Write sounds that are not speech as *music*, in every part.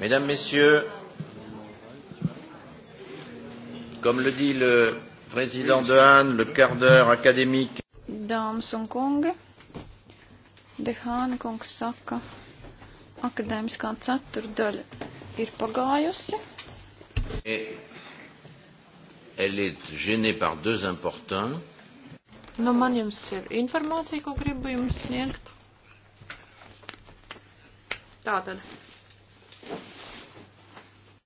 Mesdames, Messieurs, comme le dit le président de Han, le quart d'heure académique. Dāmas un kungi, Dehāna kungs saka, akadēmiskā ceturdaļa ir pagājusi. Et elle est gênée par deux importants. Nu, man jums ir informācija, ko gribu jums sniegt. Tātad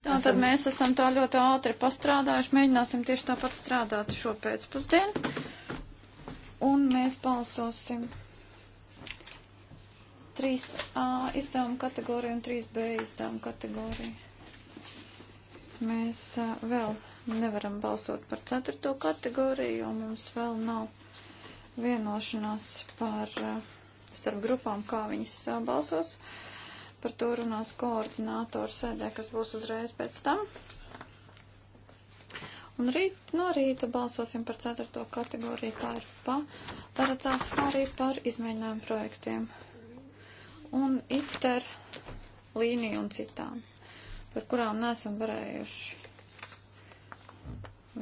Tā tad mēs esam tā ļoti ātri pastrādājuši, mēģināsim tieši tāpat strādāt šo pēcpusdienu. Un mēs balsosim 3A izdevuma kategoriju un 3B izdevuma kategoriju. Mēs a, vēl nevaram balsot par 4. kategoriju, jo mums vēl nav vienošanās par a, starp grupām, kā viņas a, balsos. Uh, Par to runās koordinātori sēdē, kas būs uzreiz pēc tam. Un rīt no rīta balsosim par ceturto kategoriju, kā ir paredzēts, kā arī par izmēģinājumu projektiem. Un ITER līniju un citām, par kurām nesam varējuši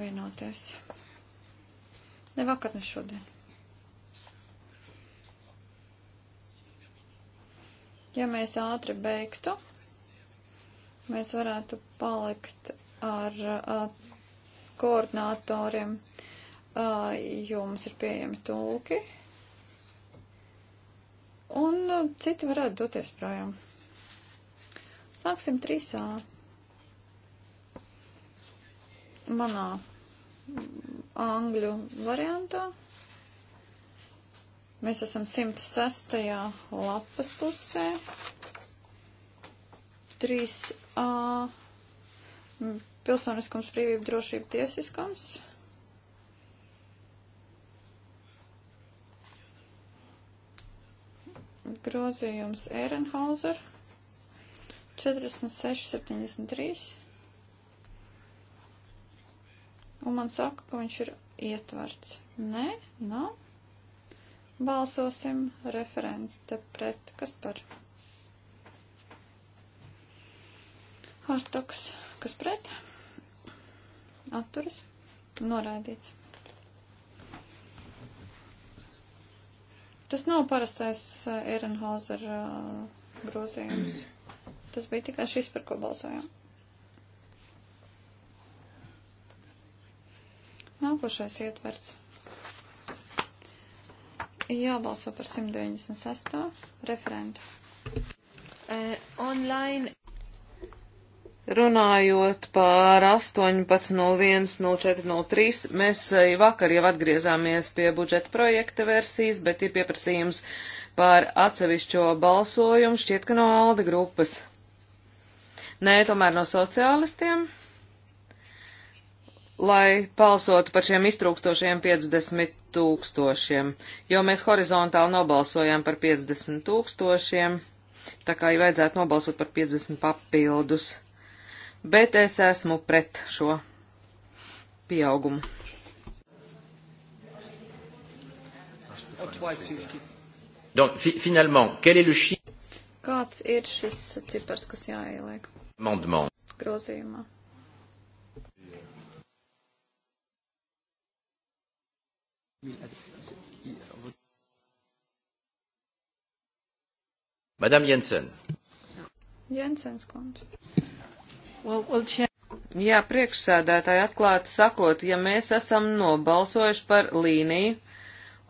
vienoties. Ne vakar, ne šodien. Ja mēs ātri beigtu, mēs varētu palikt ar a, koordinātoriem, a, jo mums ir pieejami tulki. Un a, citi varētu doties projām. Sāksim trīsā. Manā angļu variantā. Mēs esam 106. lapas pusē. 3a. Pilsoniskums, brīvība, drošība, tiesiskums. Grozījums Ehrenhauser 46,73. Un man saka, ka viņš ir ietverts. Nē, nav. No? Balsosim referente pret, kas par? Hartoks, kas pret? Atturas, noraidīts. Tas nav parastais eh, Ehrenhauser eh, grozījums. *clears throat* Tas bija tikai šis, par ko balsojām. Nākošais ietverts. Jābalso par 196. referentu. Uh, online. Runājot par 18.01.04.03, mēs e, vakar jau atgriezāmies pie budžeta projekta versijas, bet ir pieprasījums par atsevišķo balsojumu šķiet, ka no Aldi grupas. Nē, tomēr no sociālistiem lai balsotu par šiem iztrūkstošiem 50 tūkstošiem, jo mēs horizontāli nobalsojām par 50 tūkstošiem, tā kā jau vajadzētu nobalsot par 50 papildus. Bet es esmu pret šo pieaugumu. Donc, finalement, quel est le chiffre Kāds ir šis cipars, kas jāieliek? Amendement. Grozījumā. Madam Jensen. Jensens kundze. Well, well, Jā, priekšsēdētāji atklāti sakot, ja mēs esam nobalsojuši par līniju,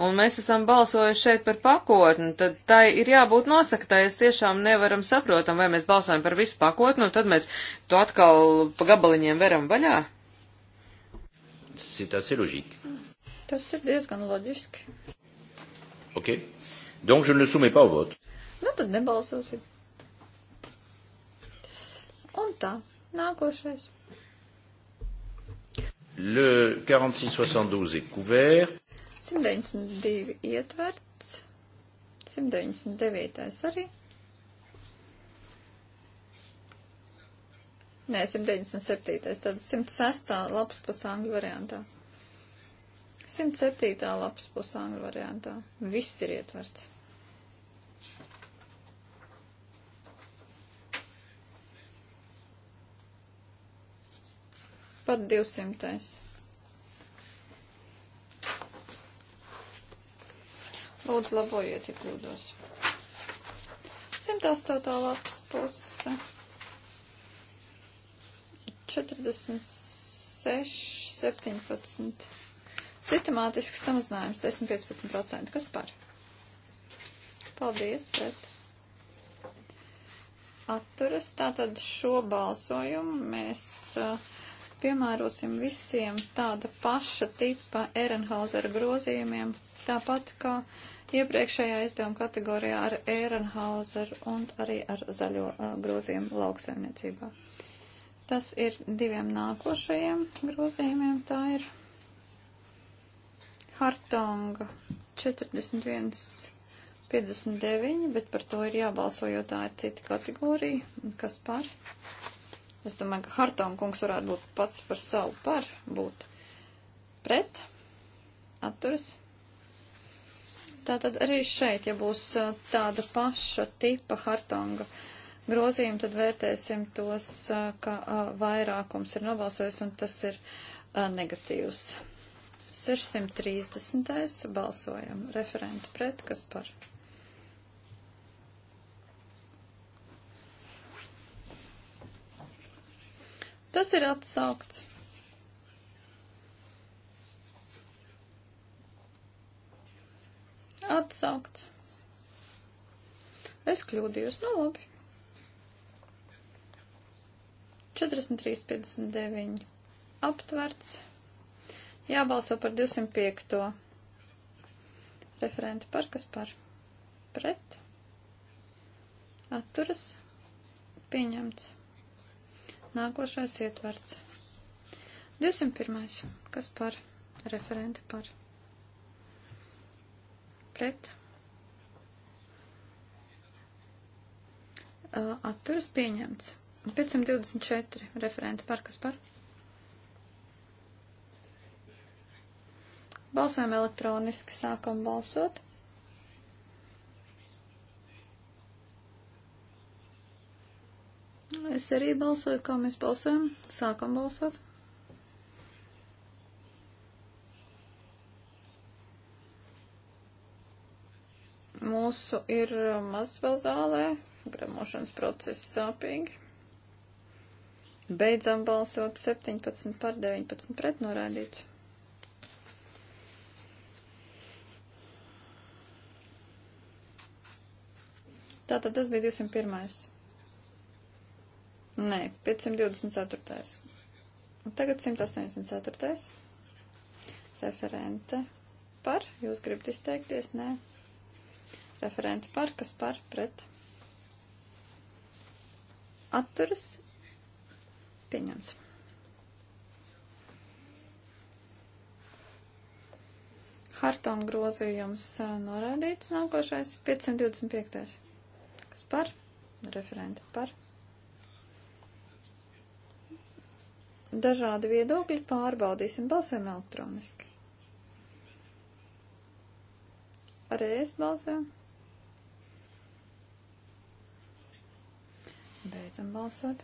un mēs esam balsojuši šeit par pakotni, tad tai ir jābūt nosaktai. Es tiešām nevaram saprotam, vai mēs balsojam par visu pakotni, un tad mēs to atkal pa gabaliņiem veram vaļā. Tas ir loģiski. Tas ir diezgan loģiski. Ok. Donc, je ne le soumets pas au vote. Nu, tad nebalsosim. Un tā, nākošais. Le 46-72 est couvert. 192 ietverts. 199 arī. Nē, 197. Tad 106. labs pusangļu variantā. 107. lapas pusangļu variantā. Viss ir ietverts. Pat 200. Lūdzu, labojiet, ja kļūdos. 108. lapas puse. 46, 17. Sistemātisks samazinājums 10-15%. Kas par? Paldies, pret. Atturas. Tātad šo balsojumu mēs uh, piemērosim visiem tāda paša tipa Ehrenhausera grozījumiem, tāpat kā iepriekšējā izdevuma kategorijā ar Ehrenhauseru un arī ar zaļo uh, grozījumu lauksaimniecībā. Tas ir diviem nākošajiem grozījumiem, tā ir Hartonga 41, 59, bet par to ir jābalso, jo tā ir cita kategorija. Kas par? Es domāju, ka Hartonga kungs varētu būt pats par savu par, būt pret, atturas. Tātad arī šeit, ja būs tāda paša tipa Hartonga grozījuma, tad vērtēsim tos, ka vairākums ir nobalsojis un tas ir negatīvs. 630. balsojam. Referenti pret, kas par? Tas ir atsaukts. Atsaukts. Es kļūdījos, nu labi. 43,59 aptverts. Jābalso par 205. Referenti par, kas par? Pret. Atturas. Pieņemts. Nākošais ietverts. 201. Kas par? Referenti par. Pret. Atturas pieņemts. 524. Referenti par, kas par? Pret Balsojam elektroniski, sākam balsot. Es arī balsoju, kā mēs balsojam. Sākam balsot. Mūsu ir maz vēl zālē, gramošanas process sāpīgi. Beidzam balsot 17 par 19 pret norādīts. Tātad tas bija 201. Nē, 524. Tagad 184. Referente par. Jūs gribat izteikties? Nē. Referente par. Kas par? Pret. Atturas. Pieņems. Hartona grozījums norādīts nākošais 525 par, referenta par. Dažādi viedokļi pārbaudīsim balsēm elektroniski. Arī es balsēju. Beidzam balsot.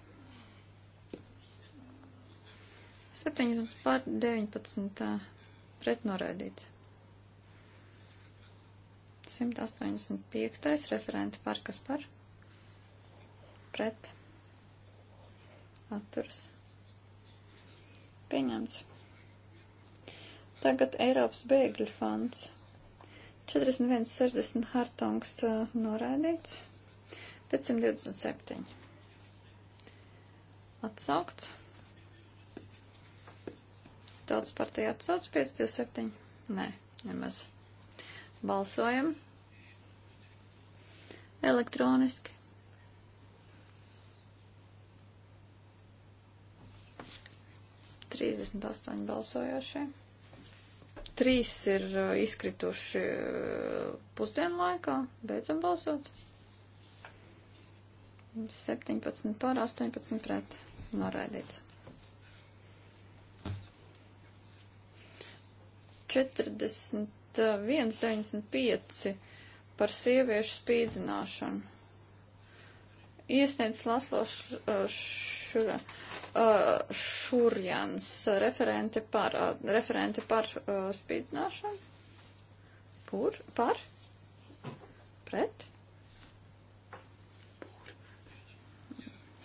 17 pār 19 pret noraidīts. 185. referenti par kas par? Pret. Atturs. Pieņemts. Tagad Eiropas bēgļu fonds. 41.60 Hartungs uh, noraidīts. 527. Atsaukts. Tautas partija atsauc 527. Nē, nemaz. Balsojam elektroniski. Trīsdesmit astoņi balsojošie. Trīs ir uh, izkrituši uh, pusdienu laikā. Beidzam balsot. 17 pār 18 pret. Noraidīts. 40. 1,95 eh, par sieviešu spīdzināšanu. Iesniedz Laslo Šura, eh, eh, Šurjans, referente par, referente par spīdzināšanu. Pur, par? Pret?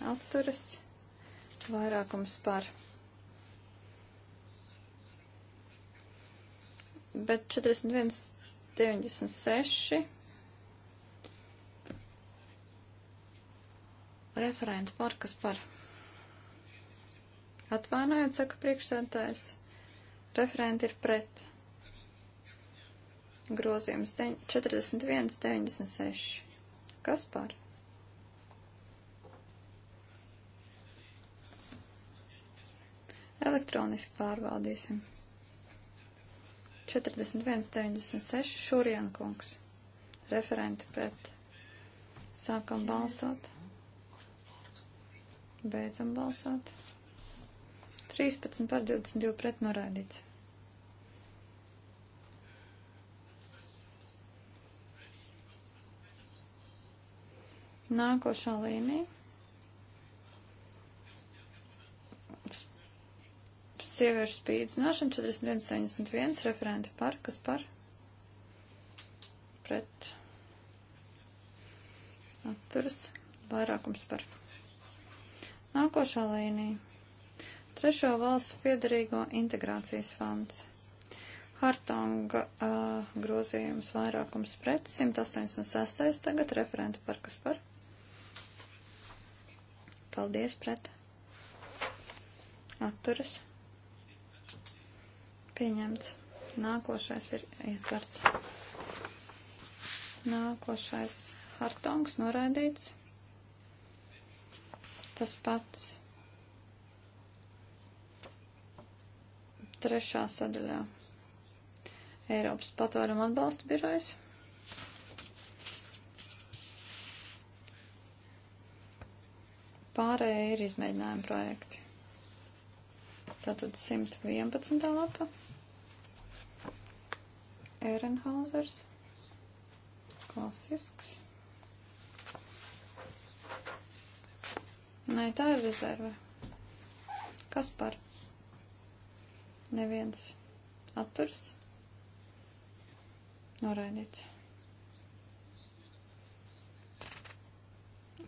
Atturas. Vairākums par. bet 41,96 referenta par, kas par. Atvainojot, saka priekšsēdētājs, referenti ir pret. Grozījums 41,96. Kas par? Elektroniski pārvaldīsim. 41,96. 41.96. Šurjana kungs. Referenti pret. Sākam balsot. Beidzam balsot. 13 par 22 pret norādīts. Nākošā līnija. sieviešu spīdzināšana 41.91 referenti par, kas par pret atturas vairākums par. Nākošā līnija. Trešo valstu piedarīgo integrācijas fonds. Hartonga uh, grozījums vairākums pret 186. tagad referenti par kas par. Paldies pret. Atturas. Pieņemts. Nākošais ir ietverts. Nākošais hartongs noraidīts. Tas pats. Trešā sadaļā. Eiropas patvērumu atbalsta birojas. Pārējie ir izmēģinājumi projekti. Tātad 111. lapa. Ehrenhausers. Klasisks. Nē, tā ir rezerve. Kas par? Neviens. Atturs. Noraidīts.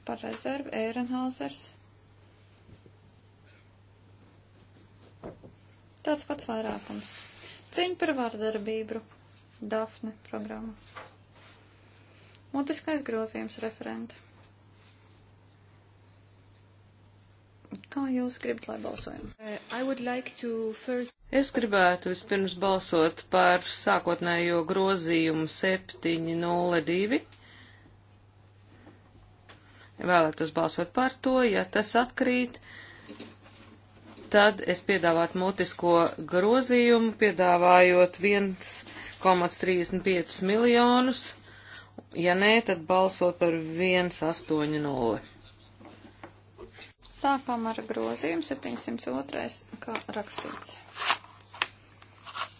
Par rezervu Ehrenhausers. Tāds pats vairākums. Cīņa par vārdarbību. Dafne programmu. Mutiskais grozījums referenta. Kā jūs gribat, lai balsojam? Uh, like first... Es gribētu vispirms balsot par sākotnējo grozījumu 702. Vēlētos balsot par to, ja tas atkrīt, tad es piedāvātu mutisko grozījumu, piedāvājot viens 1,35 miljonus. Ja nē, tad balsot par 1,80. Sākam ar grozījumu 702, kā rakstīts.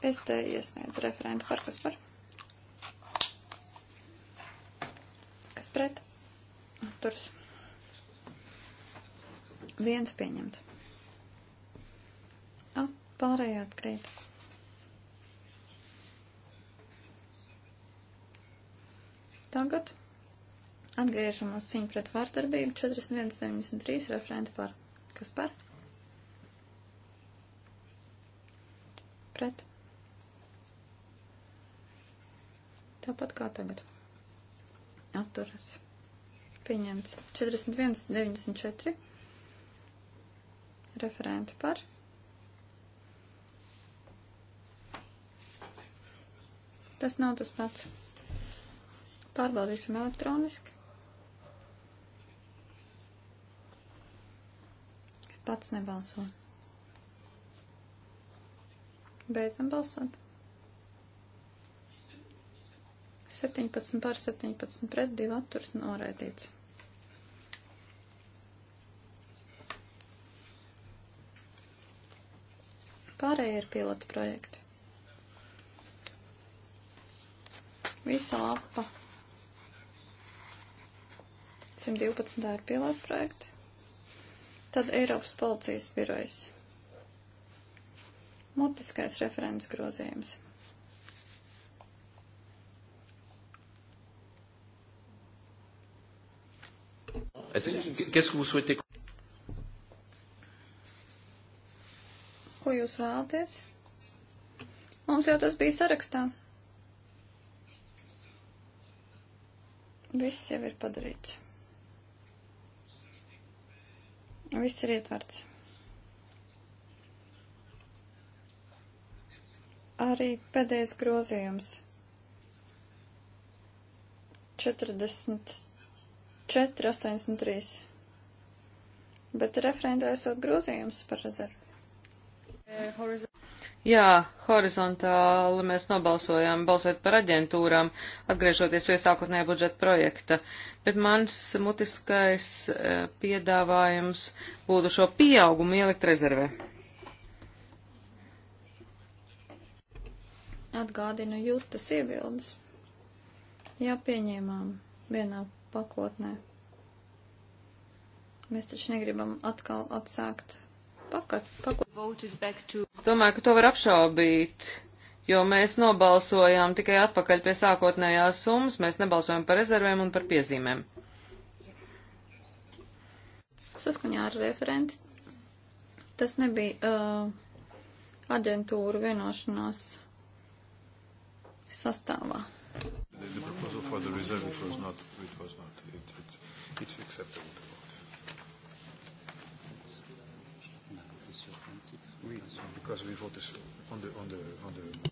Es te iesniedzu referentu par kas par. Kas pret? Atturs. Viens pieņemts. At, pārējā atkrīt. Tagad atgriežamies cīņu pret vārdarbību 41.93 referenti par. Kas par? Pret. Tāpat kā tagad. Atturas. Pieņemts. 41.94 referenti par. Tas nav tas pats. Pārbaudīsim elektroniski. Es pats nebalso. Beidzam balsot. 17 pār 17 pret 2 atturs noraidīts. Pārējie ir pilotu projekti. Visa lapa 112. ir pielāta projekti. Tad Eiropas policijas birojas. Mutiskais referents grozījums. Qu'est-ce que vous souhaitez Ko jūs vēlaties? Mums jau tas bija sarakstā. Viss jau ir padarīts. Viss ir ietverts. Arī pēdējais grozījums. 44, 83. Bet referentā esot grozījums par rezervu. Eh, Jā, horizontāli mēs nobalsojām balsot par aģentūrām, atgriežoties pie sākotnējā budžeta projekta, bet mans mutiskais eh, piedāvājums būtu šo pieaugumu ielikt rezervē. Atgādinu jūtas iebildes. Jā, pieņēmām vienā pakotnē. Mēs taču negribam atkal atsākt pakat, pakat. Es domāju, ka to var apšaubīt, jo mēs nobalsojām tikai atpakaļ pie sākotnējās summas, mēs nebalsojam par rezervēm un par piezīmēm. Saskaņā ar referenti. Tas nebija uh, aģentūra vienošanās sastāvā. The, the proposal for the reserve, it was not, it was not, it, it, it's acceptable. because we voted on the, on the, on the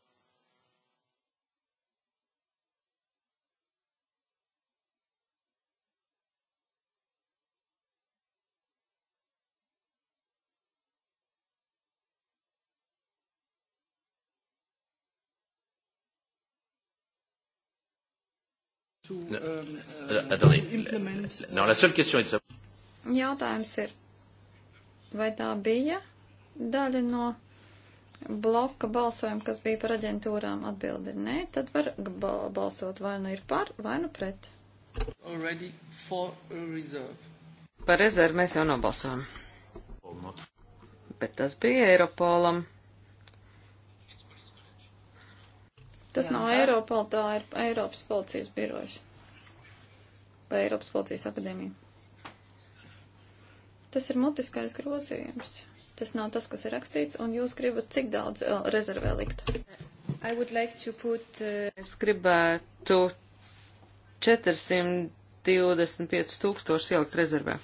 To, um, uh, uh Attendez. Uh, Jautājums ir, vai tā bija daļa no bloka balsojumu, kas bija par aģentūrām, atbildi ir nē, tad var balsot vai nu ir par, vai nu pret. Par rezervu mēs jau nobalsojam. Bet tas bija Eiropolam. Tas nav Eiropola, tā ir Eiropas policijas birojas. Vai Eiropas policijas akadēmija. Tas ir mutiskais grozījums. Tas nav tas, kas ir rakstīts, un jūs gribat cik daudz uh, rezervē likt? Like put, uh... Es gribētu 425 tūkstoši ielikt rezervē.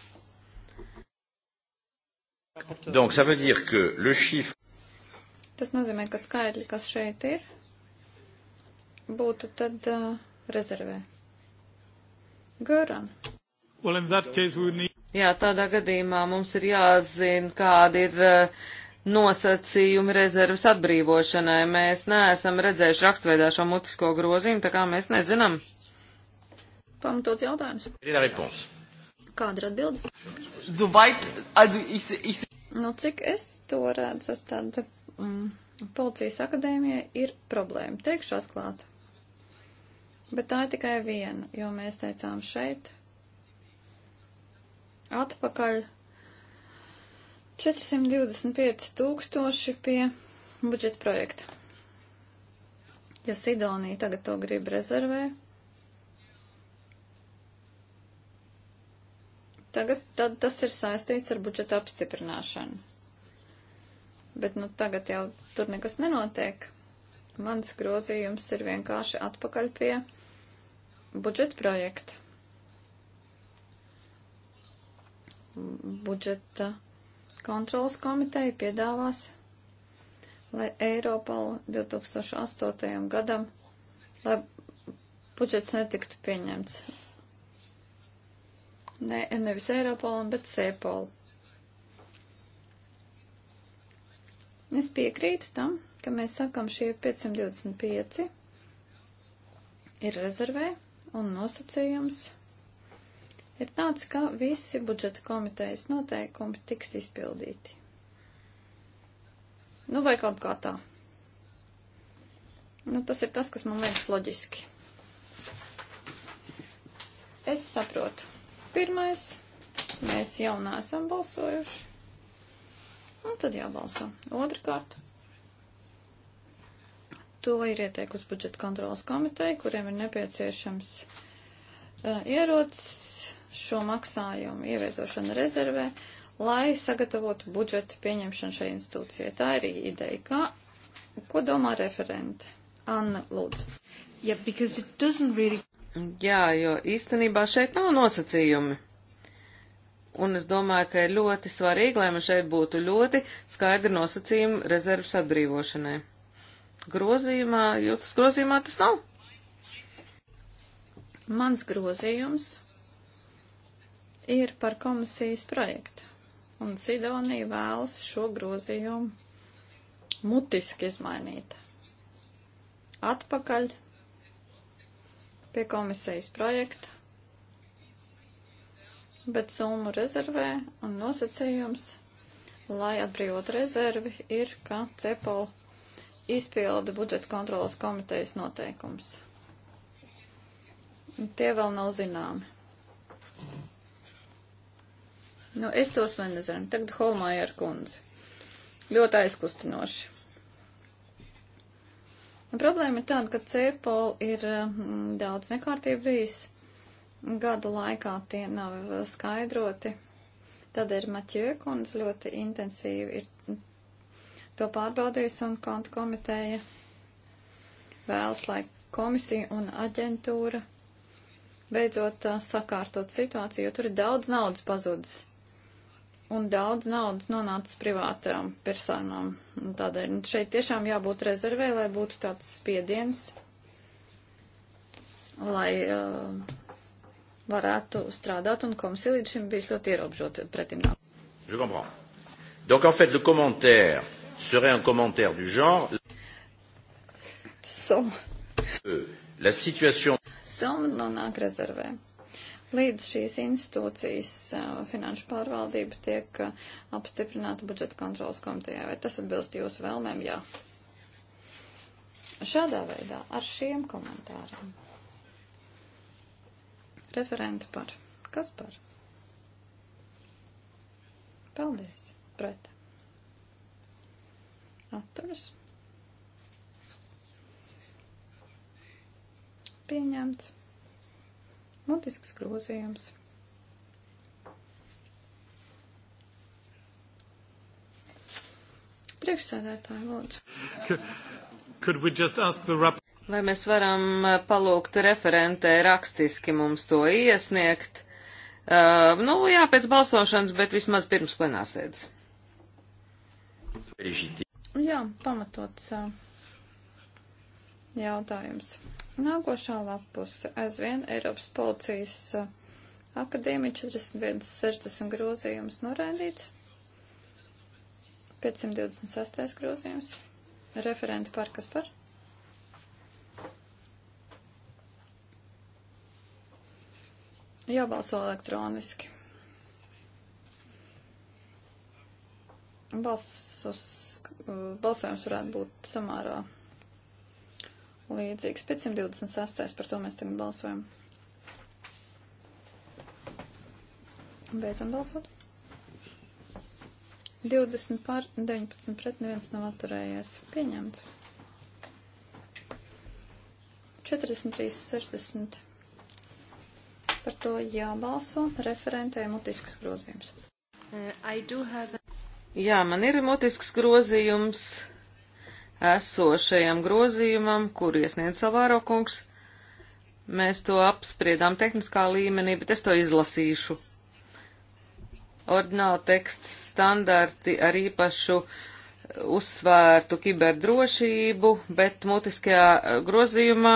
Donc, ça veut dire que le chiffre... Tas nozīmē, ka skaidri, kas šeit ir, būtu tad uh, rezervē. Göran. Well, in that case, we would need... Jā, tādā gadījumā mums ir jāzina, kāda ir eh, nosacījumi rezervas atbrīvošanai. Mēs neesam redzējuši rakstveidā šo mutisko grozījumu, tā kā mēs nezinām. Pamatots jautājums. Kāda ir atbilde? Dubait, also ich, ich... Nu, cik es to redzu, tad mm, policijas akadēmija ir problēma, teikšu atklāt. Bet tā ir tikai viena, jo mēs teicām šeit, atpakaļ 425 tūkstoši pie budžeta projekta. Ja Sidonija tagad to grib rezervē, tagad tad tas ir saistīts ar budžeta apstiprināšanu. Bet nu tagad jau tur nekas nenotiek. Mans grozījums ir vienkārši atpakaļ pie budžeta projekta. budžeta kontrolas komiteja piedāvās, lai Eiropā 2008. gadam, lai budžets netiktu pieņemts. Ne, nevis Eiropolam, bet Sēpolam. Es piekrītu tam, ka mēs sakam šie 525 ir rezervē un nosacījums ir tāds, ka visi budžeta komitejas noteikumi tiks izpildīti. Nu, vai kaut kā tā. Nu, tas ir tas, kas man liekas loģiski. Es saprotu. Pirmais, mēs jau neesam balsojuši. Un tad jābalso. Otrakārt, to ir ieteikusi budžeta kontrolas komiteja, kuriem ir nepieciešams uh, ierocis šo maksājumu ievietošanu rezervē, lai sagatavotu budžetu pieņemšanu šai institūcijai. Tā ir ideja. Kā, ko domā referente? Anna, lūdzu. Yeah, really... Jā, jo īstenībā šeit nav nosacījumi. Un es domāju, ka ir ļoti svarīgi, lai man šeit būtu ļoti skaidri nosacījumi rezerves atbrīvošanai. Grozījumā, jūtas grozījumā tas nav. Mans grozījums ir par komisijas projektu. Un Sidonija vēlas šo grozījumu mutiski izmainīt. Atpakaļ pie komisijas projekta, bet summu rezervē un nosacījums, lai atbrīvot rezervi, ir, ka CEPOL izpilda budžeta kontrolas komitejas noteikums. Un tie vēl nav zināmi. Nu, es tos man nezinu. Tagad Holmāja ar kundzi. Ļoti aizkustinoši. Un nu, problēma ir tāda, ka CEPOL ir mm, daudz nekārtību bijis. Gadu laikā tie nav skaidroti. Tad ir Maķie kundze ļoti intensīvi ir to pārbaudījusi un konta komiteja vēlas, lai komisija un aģentūra beidzot uh, sakārtot situāciju, jo tur ir daudz naudas pazudis un daudz naudas nonācis privātām personām. Tādēļ nu, šeit tiešām jābūt rezervē, lai būtu tāds spiediens, lai uh, varētu strādāt, un komisija līdz šim bija ļoti ierobežota pretim. Je comprends. Donc, en fait, le commentaire serait un commentaire du genre. Som. Euh, la situation. Som nonāk rezervē līdz šīs institūcijas finanšu pārvaldība tiek apstiprināta budžeta kontrolas komitejā. Vai tas atbilst jūsu vēlmēm? Jā. Šādā veidā ar šiem komentāriem. Referenti par. Kas par? Paldies. Pret. Atturas. Pieņemts. Mutisks grozījums. Priekšsēdētāji, lūdzu. Vai mēs varam uh, palūgt referentē rakstiski mums to iesniegt? Uh, nu, jā, pēc balsošanas, bet vismaz pirms plenārsēdes. Jā, pamatots uh, jautājums. Nākošā lapuse aizvien Eiropas policijas eh, akadēmija 41.60 grozījums noraidīts. 526. grozījums. Referenti par kas par? Jābalso elektroniski. Balsus, eh, balsojums varētu būt samārā līdzīgs. 528. par to mēs tagad balsojam. Beidzam balsot. 20 par 19 pret neviens nav atturējies. Pieņemts. 43, 60. Par to jābalso referentē mutiskas grozījums. Uh, have... Jā, man ir mutisks grozījums esošajam grozījumam, kur iesniedz Savāro kungs. Mēs to apspriedām tehniskā līmenī, bet es to izlasīšu. Ordināla teksts standarti ar īpašu uzsvērtu kiberdrošību, bet mutiskajā grozījumā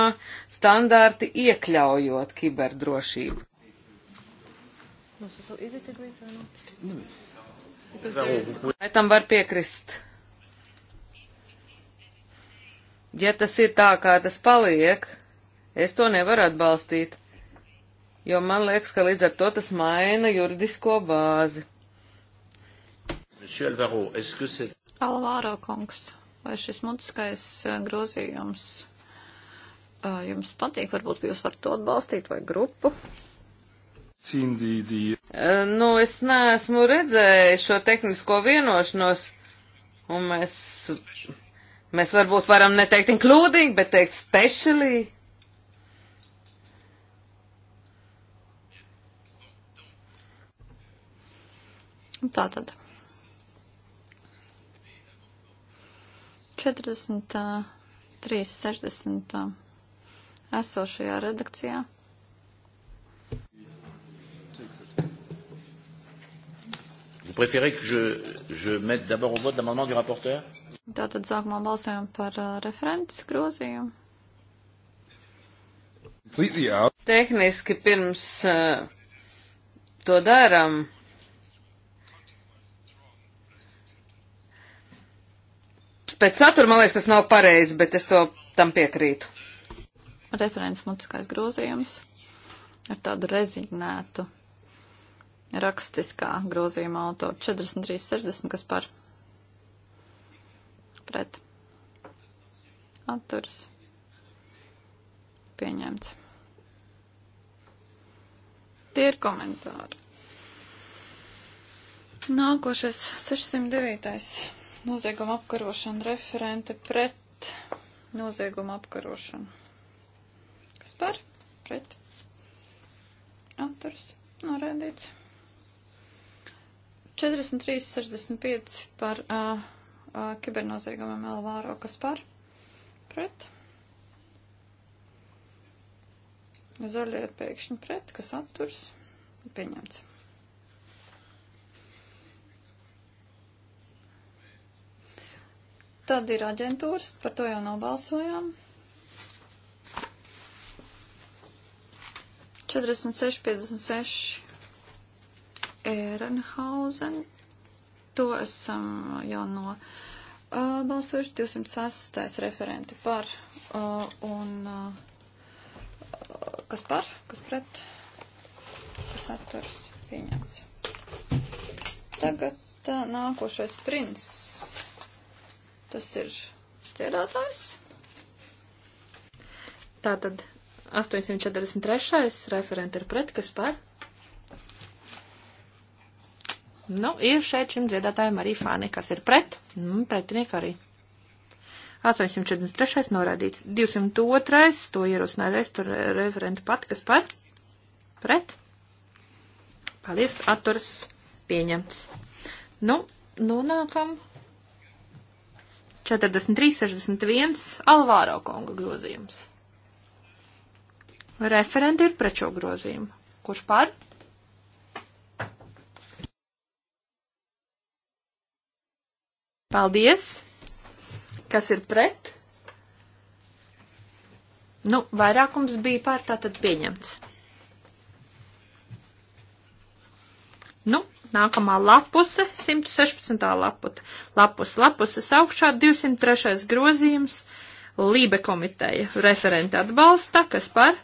standarti iekļaujot kiberdrošību. Vai tam var piekrist? Ja tas ir tā, kā tas paliek, es to nevaru atbalstīt, jo man liekas, ka līdz ar to tas maina juridisko bāzi. Alvaro, Alvaro kungs, vai šis mutiskais eh, grozījums eh, jums patīk? Varbūt jūs varat to atbalstīt vai grupu? Cīndīdī. Eh, nu, es neesmu redzējis šo tehnisko vienošanos, un mēs Mēs varbūt varam neteikt including, bet teikt specially. Tā tad. 43, 60 esošajā redakcijā. préférez que je, je mette d'abord au vote l'amendement du rapporteur? Tātad sākumā balsojam par uh, referents grozījumu. Tehniski pirms uh, to darām. Pēc satura, man liekas, tas nav pareizi, bet es to tam piekrītu. Referents mutiskais grozījums ar tādu rezignētu rakstiskā grozījuma autora 4360, kas par pret atturas pieņemts. Tie ir komentāri. Nākošais 609. nozieguma apkarošana referente pret nozieguma apkarošanu. Kas par? Pret. Atturs. Norēdīts. 43,65 par uh, uh, kibernoziegumiem Elvāro, kas par pret. Zaļie pēkšņi pret, kas atturs, pieņemts. Tad ir aģentūras, par to jau nobalsojām. 46,56 Ehrenhausen. To esam jau no uh, balsojuši 206. referenti par uh, un uh, kas par, kas pret, kas atturas pieņemts. Tagad tā, uh, nākošais prins. Tas ir dziedātājs. Tātad 843. referenti ir pret, kas par, Nu, ir šeit šim dziedātājiem arī fani, kas ir pret, nu, pretinieki arī. 843. norādīts, 202. to ierosināja restur referenta pat, kas par, pret. Paldies, atturs pieņemts. Nu, nonākam 43, 61, Alvāro konga grozījums. Referenti ir pret šo grozījumu. Kurš par? Paldies! Kas ir pret? Nu, vairākums bija pār tā tad pieņemts. Nu, nākamā lapuse, 116. lapute. Lapus, lapuses augšā 203. grozījums, Lībe komiteja. Referenti atbalsta, kas par?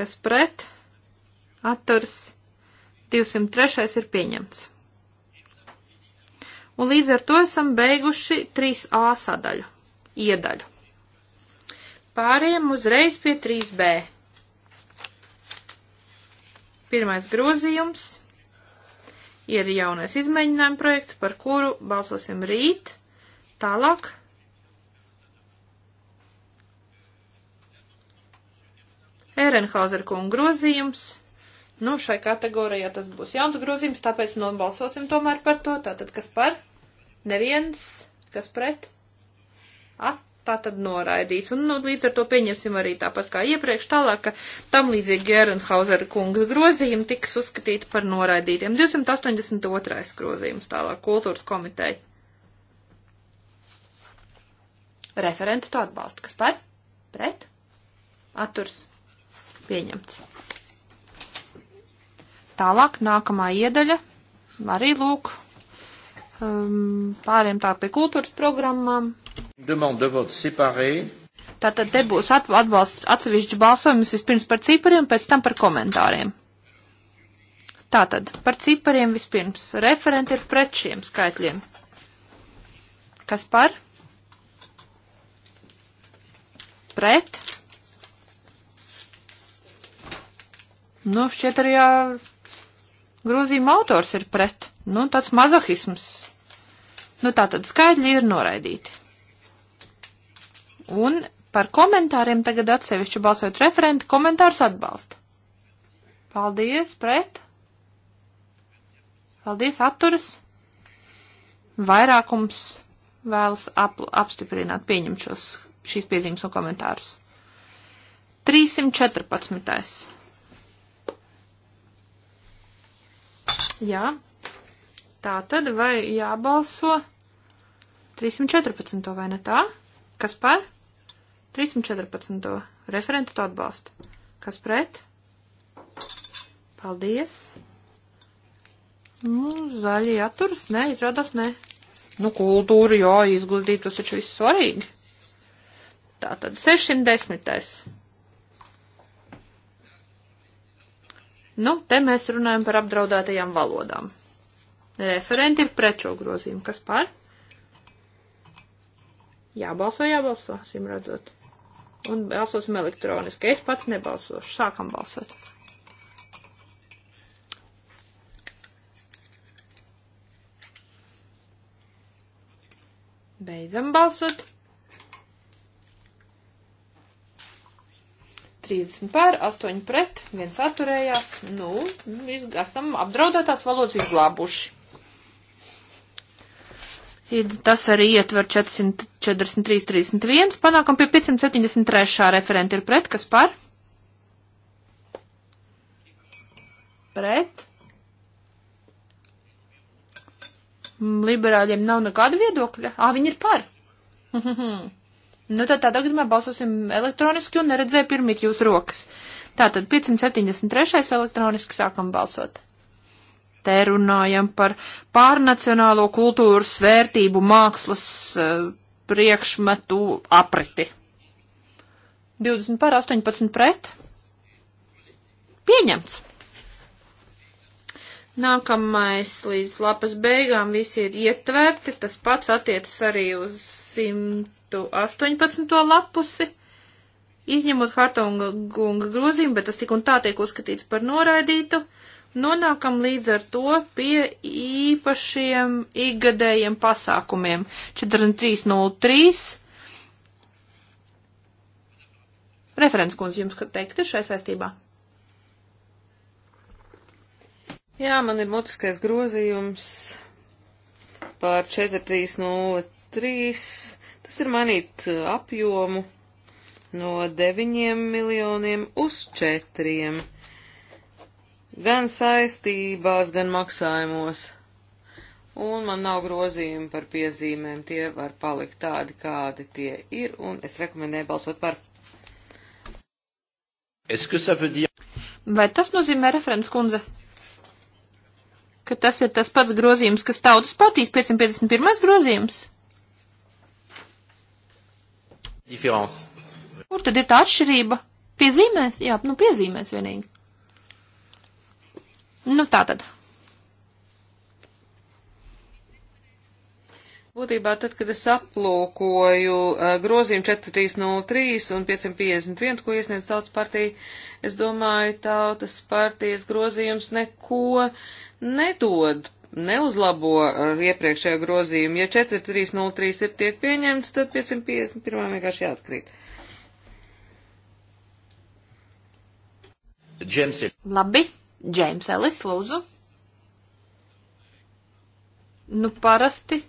Kas pret? Atturs 203. ir pieņemts. Un līdz ar to esam beiguši 3A sadaļu, iedaļu. Pāriem uzreiz pie 3B. Pirmais grozījums ir jaunais izmēģinājuma projekts, par kuru balsosim rīt. Tālāk. Ehrenhauser kungu grozījums Nu, šai kategorijā tas būs jauns grozījums, tāpēc nobalsosim tomēr par to. Tātad, kas par? Neviens, kas pret? At, tā tad noraidīts. Un nu, līdz ar to pieņemsim arī tāpat kā iepriekš tālāk, ka tam līdzīgi Gerenhauser kungas grozījumi tiks uzskatīti par noraidītiem. 282. grozījums tālāk kultūras komiteja. Referenti to atbalsta. Kas par? Pret? Atturs. Pieņemts. Tālāk nākamā iedaļa, arī lūk, um, pāriem tā pie kultūras programmām. Tātad te būs atbalsts atsevišķi balsojums vispirms par cipariem, pēc tam par komentāriem. Tātad par cipariem vispirms. Referenti ir pret šiem skaitļiem. Kas par? Pret? Nu, šķiet arī jā. Ar grozījuma autors ir pret. Nu, tāds mazohisms. Nu, tā tad skaidri ir noraidīti. Un par komentāriem tagad atsevišķi balsojot referenti, komentārs atbalsta. Paldies, pret. Paldies, atturas. Vairākums vēlas ap, apstiprināt, pieņemt šos, šīs piezīmes un komentārus. 314. Jā. Tā tad vai jābalso 314. vai ne tā? Kas par? 314. Referentu to atbalsta. Kas pret? Paldies. Nu, zaļi atturas? Nē, izrādās nē. Nu, kultūra, jā, izglītība, tas taču viss svarīgi. Tātad 610. Nu, te mēs runājam par apdraudētajām valodām. Referenti ir pret šo grozījumu. Kas par? Jābalso, jābalso, sim redzot. Un balsosim elektroniski. Es pats nebalsošu. Sākam balsot. Beidzam balsot. 30 pār, 8 pret, viens atturējās. Nu, esam apdraudētās valodas izglābuši. Tas arī ietver 443, 31. Panākam pie 573. referenta ir pret, kas par? Pret. Mm, liberāļiem nav nekāda viedokļa. Ā, viņi ir par. *laughs* Nu, tad tādā gadījumā balsosim elektroniski un neredzēju pirmīt jūsu rokas. Tātad 573. elektroniski sākam balsot. Te runājam par pārnacionālo kultūras vērtību mākslas uh, priekšmetu apriti. 20 par 18 pret. Pieņemts. Nākamais līdz lapas beigām visi ir ietverti, tas pats attiecas arī uz 118. lapusi, izņemot Hartunga gunga grozījumu, bet tas tik un tā tiek uzskatīts par noraidītu. Nonākam līdz ar to pie īpašiem ikgadējiem pasākumiem 4303. Referents kundze jums, kad teikti šai saistībā? Jā, man ir mutiskais grozījums par 4303. Tas ir mainīt uh, apjomu no 9 miljoniem uz 4. Gan saistībās, gan maksājumos. Un man nav grozījumi par piezīmēm, tie var palikt tādi, kādi tie ir, un es rekomendēju balsot par. Vai tas nozīmē referents kundze? ka tas ir tas pats grozījums, kas tautas partijas 551. grozījums? Diference. Kur tad ir tā atšķirība? Piezīmēs? Jā, nu piezīmēs vienīgi. Nu tā tad. Būtībā tad, kad es aplūkoju eh, grozījumu 4303 un 551, ko iesniedz Tautas partija, es domāju, Tautas partijas grozījums neko nedod, neuzlabo eh, iepriekšējo grozījumu. Ja 4303 ir tiek pieņemts, tad 551 vienkārši jāatkrīt. Džems ir. Labi, Džems Ellis, lūdzu. Nu, parasti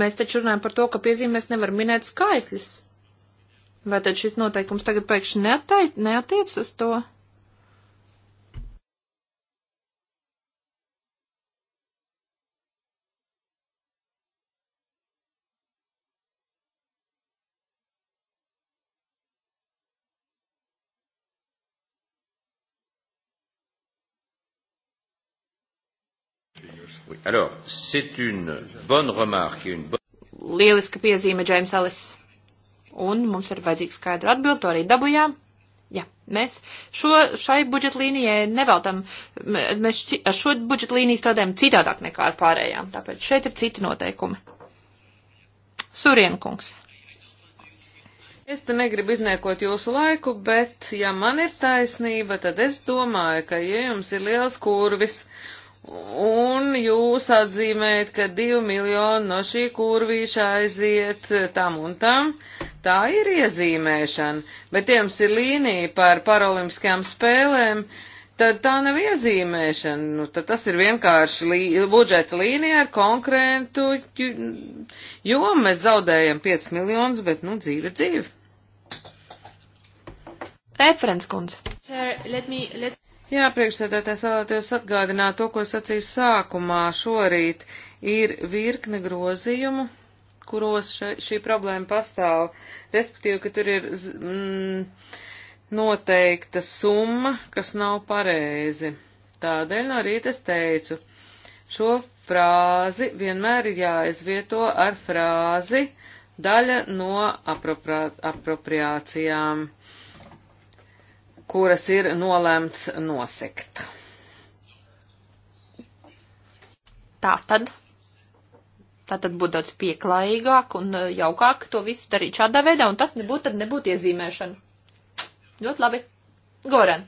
Mēs taču runājam par to, ka piezīmēs nevar minēt skaitļus. Vai tad šis noteikums tagad pēkšņi neattiec uz to? Oui, alors, c'est une bonne remarque. Une bonne... Lieliska piezīme, Džeims Ellis. Un mums ir vajadzīga skaidra atbilde, to arī dabujām. Jā, mēs šo, šai budžetlīnijai neveltam, mēs ar šo budžetlīniju strādājam citādāk nekā ar pārējām, tāpēc šeit ir citi noteikumi. Surienkungs. Es te negribu izniekot jūsu laiku, bet ja man ir taisnība, tad es domāju, ka ja jums ir liels kurvis Un jūs atzīmējat, ka divi miljoni no šī kurvīša aiziet tam un tam. Tā ir iezīmēšana, bet jums ir līnija par paralimpiskajām spēlēm, tad tā nav iezīmēšana. Nu, tad tas ir vienkārši lī, budžeta līnija ar konkrētu jomu. Mēs zaudējam 5 miljonus, bet, nu, dzīve dzīve. Referents kundze. Let me, let... Jā, priekšsēdētājs vēlētos atgādināt to, ko sacīju sākumā šorīt. Ir virkne grozījumu, kuros še, šī problēma pastāv, respektīvi, ka tur ir mm, noteikta summa, kas nav pareizi. Tādēļ no rīta es teicu, šo frāzi vienmēr ir jāizvieto ar frāzi daļa no apropriācijām. Apropriā kuras ir nolēmts nosekt. Tā tad. Tā tad būtu daudz pieklājīgāk un e, jaukāk to visu darīt šādā veidā, un tas nebūtu, tad nebūtu iezīmēšana. Ļoti labi. Goran.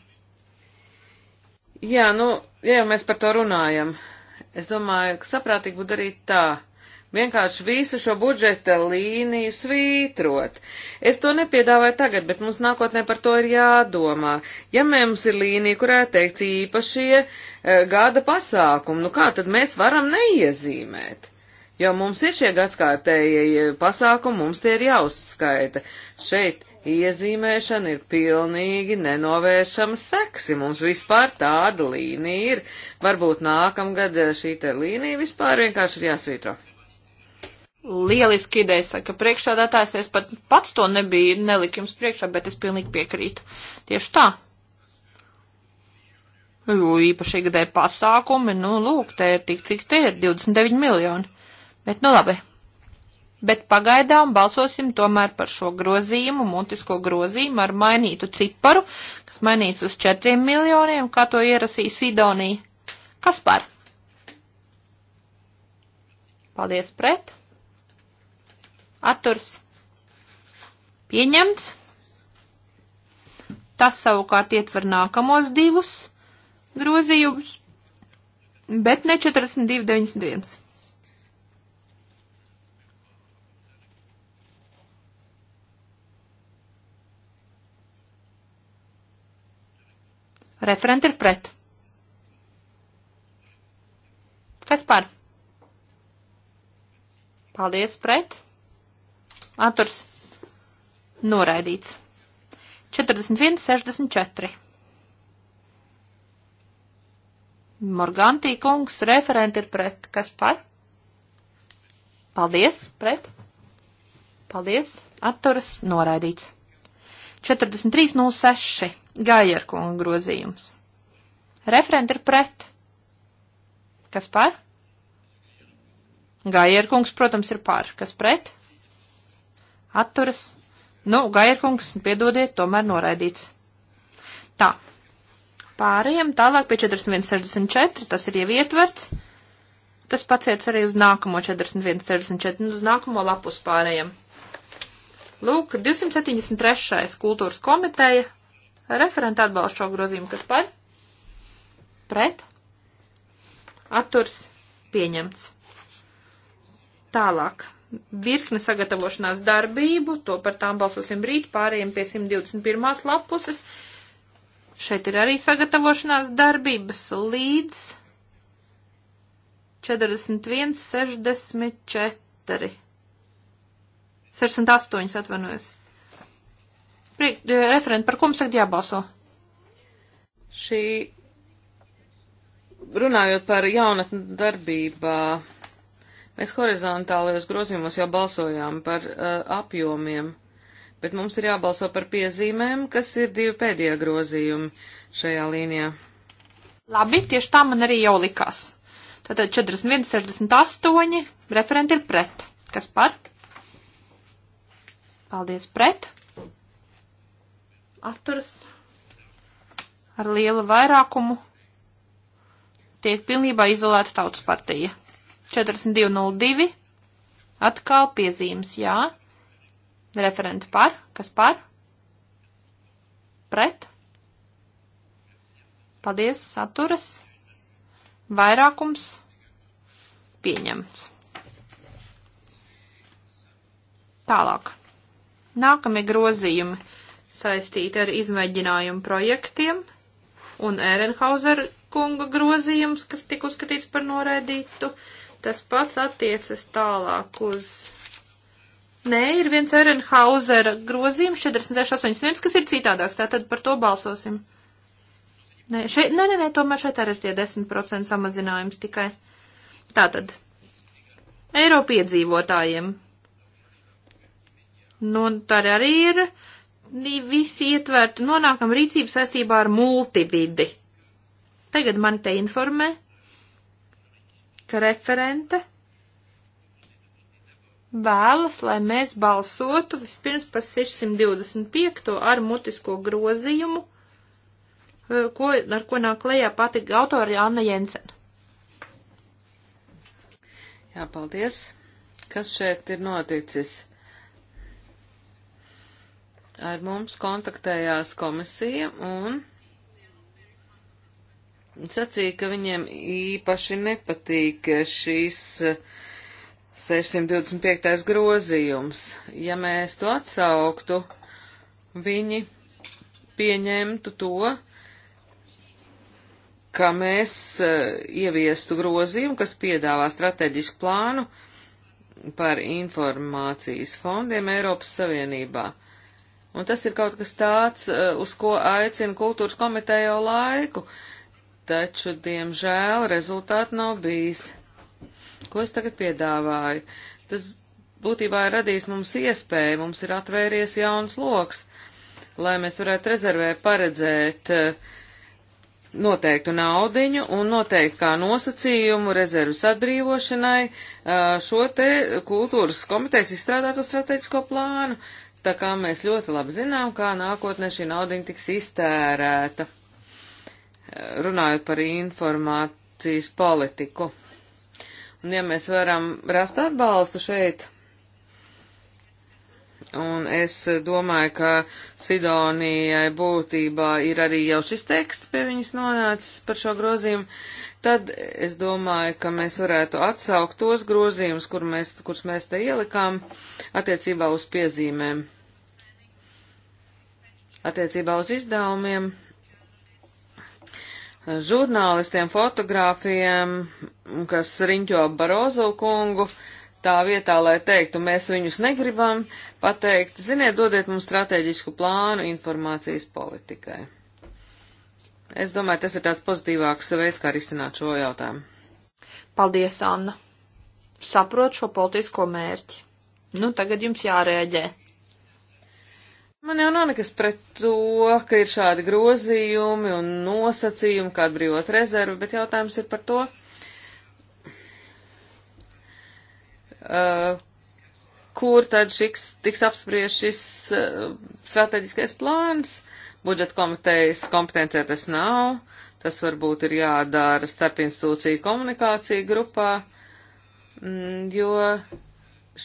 Jā, nu, ja jau mēs par to runājam, es domāju, ka saprātīgi būtu darīt tā vienkārši visu šo budžeta līniju svītrot. Es to nepiedāvāju tagad, bet mums nākotnē par to ir jādomā. Ja mums ir līnija, kurā teikts īpašie e, gada pasākumi, nu kā tad mēs varam neiezīmēt? Jo mums ir šie gadskārtējie eh, pasākumi, mums tie ir jāuzskaita. Šeit iezīmēšana ir pilnīgi nenovēršama seksi. Mums vispār tāda līnija ir. Varbūt nākamgad eh, šī te līnija vispār vienkārši ir jāsvītro. Lieliski ideja, saka priekšādātājs, es pat pats to nebiju neliku jums priekšā, bet es pilnīgi piekrītu. Tieši tā. Jo īpaši gadēja pasākumi, nu, lūk, te ir tik, cik te ir, 29 miljoni. Bet, nu, labi. Bet pagaidām balsosim tomēr par šo grozījumu, mutisko grozījumu ar mainītu ciparu, kas mainīts uz 4 miljoniem, kā to ierasīja Sidonija. Kas par? Paldies pret! atturs pieņemts. Tas savukārt ietver nākamos divus grozījumus, bet ne 42,91. Referenti ir pret. Kas par? Paldies pret atturs noraidīts. 41, 64. Morgantī kungs, referenti ir pret. Kas par? Paldies, pret. Paldies, atturas noraidīts. 43, 06. Gajer kunga grozījums. Referenti ir pret. Kas par? Gajer kungs, protams, ir par. Kas pret? atturas. Nu, Gairkungs, piedodiet, tomēr noraidīts. Tā. Pārējiem tālāk pie 4164, tas ir jau ietverts. Tas paciets arī uz nākamo 4164, nu, uz nākamo lapus pārējiem. Lūk, 273. kultūras komiteja. Referenta atbalsta šo grozījumu, kas par? Pret? Atturs pieņemts. Tālāk virkne sagatavošanās darbību, to par tām balsosim rīt, pārējiem pie 121. lapuses. Šeit ir arī sagatavošanās darbības līdz 41.64. 68, atvainojos. Priek, eh, referenti, par ko mums tagad jābalso? Šī, runājot par jaunatnu darbībā, Mēs horizontālajos grozījumos jau balsojām par uh, apjomiem, bet mums ir jābalso par piezīmēm, kas ir divi pēdējie grozījumi šajā līnijā. Labi, tieši tā man arī jau likās. Tātad 41, 68, referenti ir pret. Kas par? Paldies pret. Atturas ar lielu vairākumu tiek pilnībā izolēta tautas partija. 4202. Atkal piezīmes jā. Referenti par. Kas par? Pret. Paldies, saturas. Vairākums pieņemts. Tālāk. Nākamie grozījumi saistīti ar izmēģinājumu projektiem un Ehrenhauser kunga grozījums, kas tika uzskatīts par noraidītu. Uh, Tas pats attiecas tālāk uz. Nē, ir viens Ehrenhausera grozījums 4681, kas ir citādāks, tātad par to balsosim. Nē, šeit, nē, nē, nē, tomēr šeit arī ir tie 10% samazinājums tikai. Tātad, eiro piedzīvotājiem. Nu, tā arī ir visi ietverti, nonākam rīcību saistībā ar multividi. Tagad mani te informē, ka referente vēlas, lai mēs balsotu vispirms par 625. ar mutisko grozījumu, e, ko, ar ko nāk lejā pati autori Anna Jensen. Jā, paldies. Kas šeit ir noticis? Ar mums kontaktējās komisija un sacīja, ka viņiem īpaši nepatīk šīs 625. Eh, grozījums. Ja mēs to atsauktu, viņi pieņemtu to, ka mēs eh, ieviestu grozījumu, kas piedāvā strateģisku plānu par informācijas fondiem Eiropas Savienībā. Un tas ir kaut kas tāds, eh, uz ko aicina kultūras komiteja jau laiku. Uh, taču, diemžēl, rezultāti nav bijis. Ko es tagad piedāvāju? Tas būtībā ir radījis mums iespēju, mums ir atvēries jauns loks, lai mēs varētu rezervē paredzēt eh, noteiktu naudiņu un noteikti kā nosacījumu rezervas atbrīvošanai eh, šo te kultūras komitejas izstrādātu strateģisko plānu. Tā kā mēs ļoti labi zinām, kā nākotnē šī naudiņa tiks iztērēta runājot par informācijas politiku. Un ja mēs varam rast atbalstu šeit, un es domāju, ka Sidonijai būtībā ir arī jau šis teksts pie viņas nonācis par šo grozījumu, tad es domāju, ka mēs varētu atsaukt tos grozījumus, kur mēs, kurus mēs te ielikām attiecībā uz piezīmēm. Attiecībā uz izdevumiem žurnālistiem, fotogrāfiem, kas riņķo Barozo kungu, tā vietā, lai teiktu, mēs viņus negribam, pateikt, ziniet, dodiet mums strateģisku plānu informācijas politikai. Es domāju, tas ir tāds pozitīvāks veids, kā risināt šo jautājumu. Paldies, Anna! Saprot šo politisko mērķi. Nu, tagad jums jārēģē. Man jau nav nekas pret to, ka ir šādi grozījumi un nosacījumi, kā atbrīvot rezervu, bet jautājums ir par to, uh, kur tad šiks, tiks apspriež šis uh, strateģiskais plāns. Budžeta komitejas kompetencija tas nav. Tas varbūt ir jādara starp institūciju komunikāciju grupā, mm, jo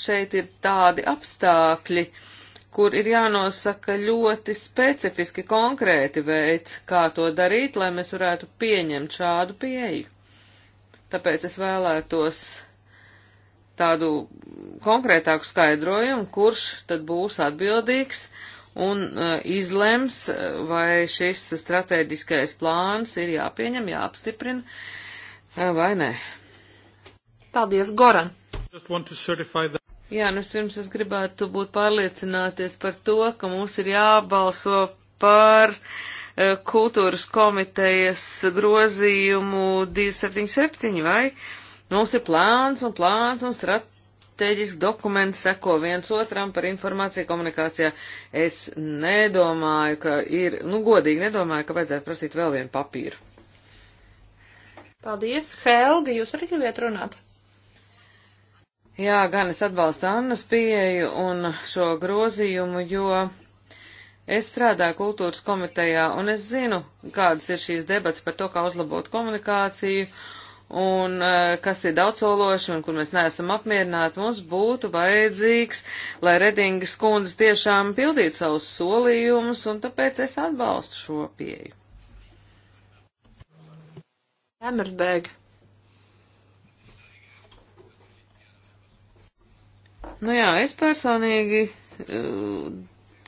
šeit ir tādi apstākļi, uh, kur ir jānosaka ļoti specifiski konkrēti veids, kā to darīt, lai mēs varētu pieņemt šādu pieeju. Tāpēc es vēlētos tādu konkrētāku skaidrojumu, kurš tad būs atbildīgs un uh, izlems, uh, vai šis strateģiskais plāns ir jāpieņem, jāapstiprina uh, vai nē. Paldies, Goran! Jā, nu es pirms es gribētu būt pārliecināties par to, ka mums ir jābalso par uh, kultūras komitejas grozījumu 277, vai? Mums ir plāns un plāns un strateģisks dokuments seko viens otram par informāciju komunikācijā. Es nedomāju, ka ir, nu godīgi nedomāju, ka vajadzētu prasīt vēl vienu papīru. Paldies, Helga, jūs arī gribētu runāt? Jā, gan es atbalstu Annas pieeju un šo grozījumu, jo es strādāju kultūras komitejā un es zinu, kādas ir šīs debats par to, kā uzlabot komunikāciju un eh, kas ir daudzsološi un kur mēs neesam apmierināti, mums būtu vajadzīgs, lai Redingas kundze tiešām pildītu savus solījumus, un tāpēc es atbalstu šo pieju. Jāmersbēg. Nu jā, es personīgi uh,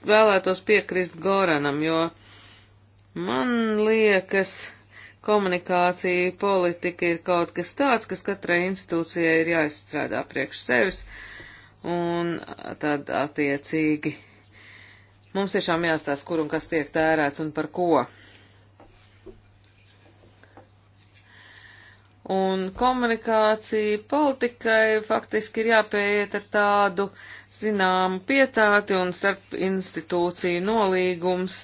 vēlētos piekrist Goranam, jo man liekas, komunikācija, politika ir kaut kas tāds, kas katrai institūcijai ir jāizstrādā priekš sevis, un tad attiecīgi mums tiešām jāstāsta, kur un kas tiek tērēts un par ko. Un komunikācija politikai faktiski ir jāpieiet ar tādu zināmu pietāti un starp institūciju nolīgums.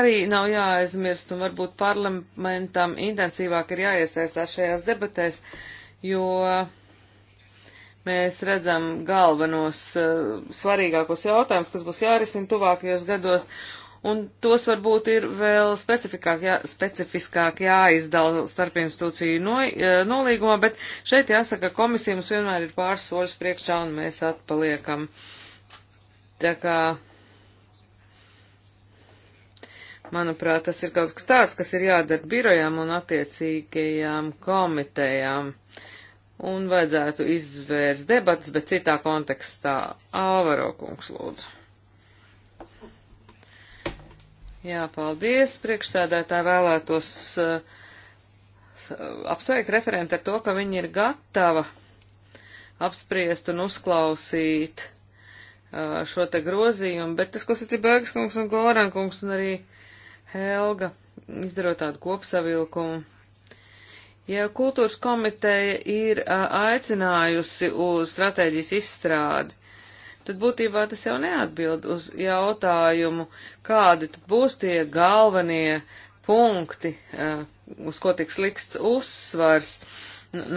Arī nav jāaizmirst un varbūt parlamentam intensīvāk ir jāiesaistās šajās debatēs, jo mēs redzam galvenos eh, svarīgākos jautājumus, kas būs jārisina tuvākajos gados un tos varbūt ir vēl specifikāk, jā, specifiskāk jāizdala starp institūciju no, e, nolīgumā, bet šeit jāsaka, ka komisija mums vienmēr ir pāris soļus priekšā un mēs atpaliekam. Tā kā, manuprāt, tas ir kaut kas tāds, kas ir jādara birojām un attiecīgajām komitejām. Un vajadzētu izvērst debats, bet citā kontekstā. Āvaro kungs lūdzu. Jā, paldies. Priekšsēdētāji vēlētos uh, apsveikt referenti ar to, ka viņi ir gatava apspriest un uzklausīt uh, šo te grozījumu, bet tas, ko sacīja Bēgas kungs un Goran kungs un arī Helga, izdarot tādu kopsavilkumu. Ja kultūras komiteja ir uh, aicinājusi uz stratēģijas izstrādi, tad būtībā tas jau neatbild uz jautājumu, kādi būs tie galvenie punkti, eh, uz ko tiks likts uzsvars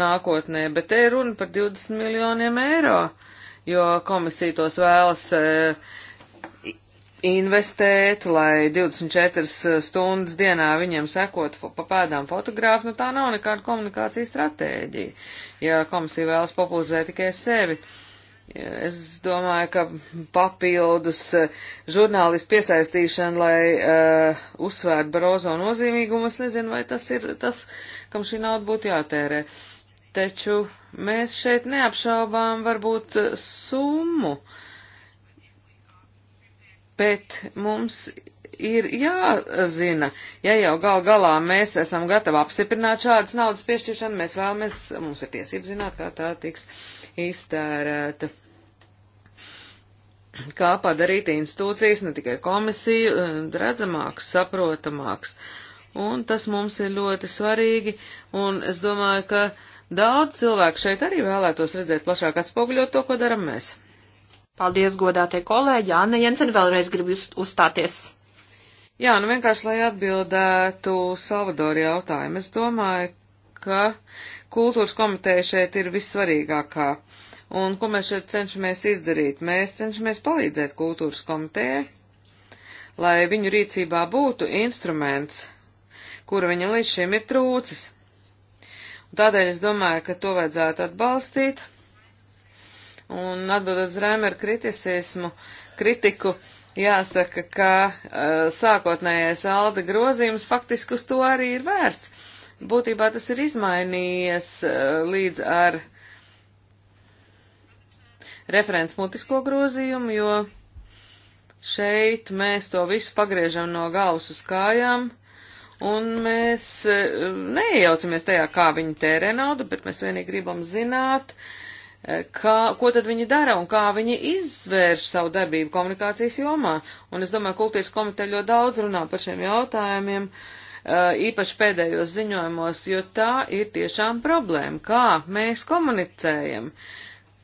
nākotnē, bet te ir runa par 20 miljoniem eiro, jo komisija tos vēlas eh, investēt, lai 24 eh, stundas dienā viņiem sekot pa pēdām fotogrāfu, nu tā nav nekāda komunikācijas stratēģija, ja komisija vēlas populizēt tikai sevi. Uh, Es domāju, ka papildus eh, žurnālistu piesaistīšana, lai uh, uzsvērtu Barozo nozīmīgumu, es nezinu, vai tas ir tas, kam šī nauda būtu jātērē. Taču mēs šeit neapšaubām varbūt eh, summu, bet mums ir jāzina, ja jau gal galā mēs esam gatavi apstiprināt šādas naudas piešķiršanu, mēs vēlamies, mums ir tiesības zināt, kā tā tiks. Uh, iztērēta. Kā padarīt institūcijas, ne tikai komisiju, eh, redzamāks, saprotamāks. Un tas mums ir ļoti svarīgi, un es domāju, ka daudz cilvēku šeit arī vēlētos redzēt plašāk atspoguļot to, ko daram mēs. Paldies, godātie kolēģi. Anna Jensen vēlreiz grib uzstāties. Jā, nu vienkārši, lai atbildētu Salvadoru jautājumu, es domāju, ka kultūras komiteja šeit ir vissvarīgākā. Un ko mēs šeit cenšamies izdarīt? Mēs cenšamies palīdzēt kultūras komitejai, lai viņu rīcībā būtu instruments, kura viņam līdz šim ir trūcis. Un tādēļ es domāju, ka to vajadzētu atbalstīt. Un atbildot uz Rēmera kritisismu, kritiku, jāsaka, ka uh, sākotnējais Alda grozījums faktiski uz to arī ir vērsts. Būtībā tas ir izmainījies eh, līdz ar referents mutisko grozījumu, jo šeit mēs to visu pagriežam no galvas uz kājām, un mēs eh, neiejaucamies tajā, kā viņi tērē naudu, bet mēs vienīgi gribam zināt, eh, kā, ko tad viņi dara un kā viņi izvērš savu darbību komunikācijas jomā. Un es domāju, kultūras komiteja ļoti daudz runā par šiem jautājumiem. Uh, Uh, īpaši pēdējos ziņojumos, jo tā ir tiešām problēma, kā mēs komunicējam,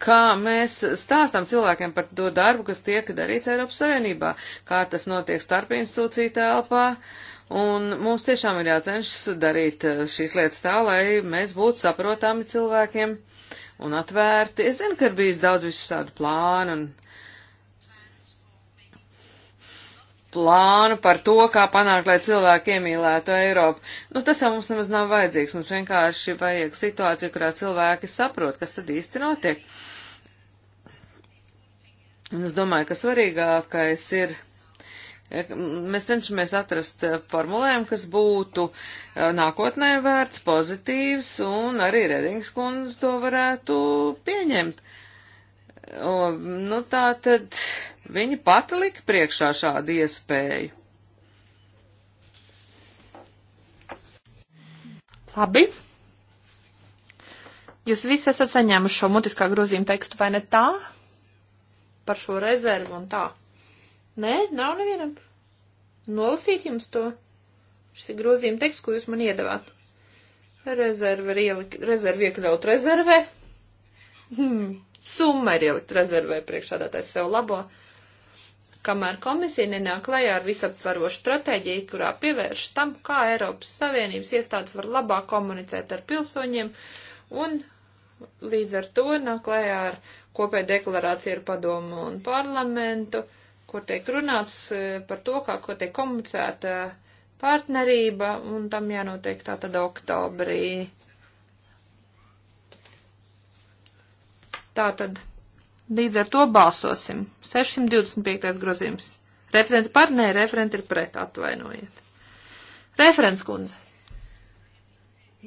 kā mēs stāstam cilvēkiem par to darbu, kas tiek darīts Eiropas Savienībā, kā tas notiek starp institūciju telpā. Un mums tiešām ir jācenšas darīt uh, šīs lietas tā, lai mēs būtu saprotami cilvēkiem un atvērti. Es zinu, ka ir bijis daudz visu tādu plānu un plānu par to, kā panākt, lai cilvēki iemīlētu Eiropu. Nu, tas jau mums nemaz nav vajadzīgs. Mums vienkārši vajag situāciju, kurā cilvēki saprot, kas tad īsti notiek. Un es domāju, ka svarīgākais ir. Mēs cenšamies atrast formulējumu, kas būtu eh, nākotnē vērts, pozitīvs, un arī Redings kundze to varētu pieņemt. O, nu, tā tad Viņi pati lika priekšā šādu iespēju. Labi. Jūs visi esat saņēmuši šo mutiskā grozījuma tekstu, vai ne tā? Par šo rezervu un tā. Nē, nav nevienam. Nolasīt jums to. Šis ir grozījuma teksts, ko jūs man iedavāt. Rezerve ir ielikt, rezerve iekļaut rezervē. Hmm. Summa ir ielikt rezervē priekšādātais sev labo kamēr komisija nenāk klajā ar visaptvarošu stratēģiju, kurā pievērš tam, kā Eiropas Savienības iestādes var labāk komunicēt ar pilsoņiem un līdz ar to nāk klajā ar kopēju deklarāciju ar padomu un parlamentu, kur tiek runāts eh, par to, kā ko tiek komunicēta partnerība, un tam jānotiek tātad oktobrī. Tātad Līdz ar to balsosim. 625. grozījums. Referenti par, nē, referenti ir pret, atvainojiet. Referents kundze.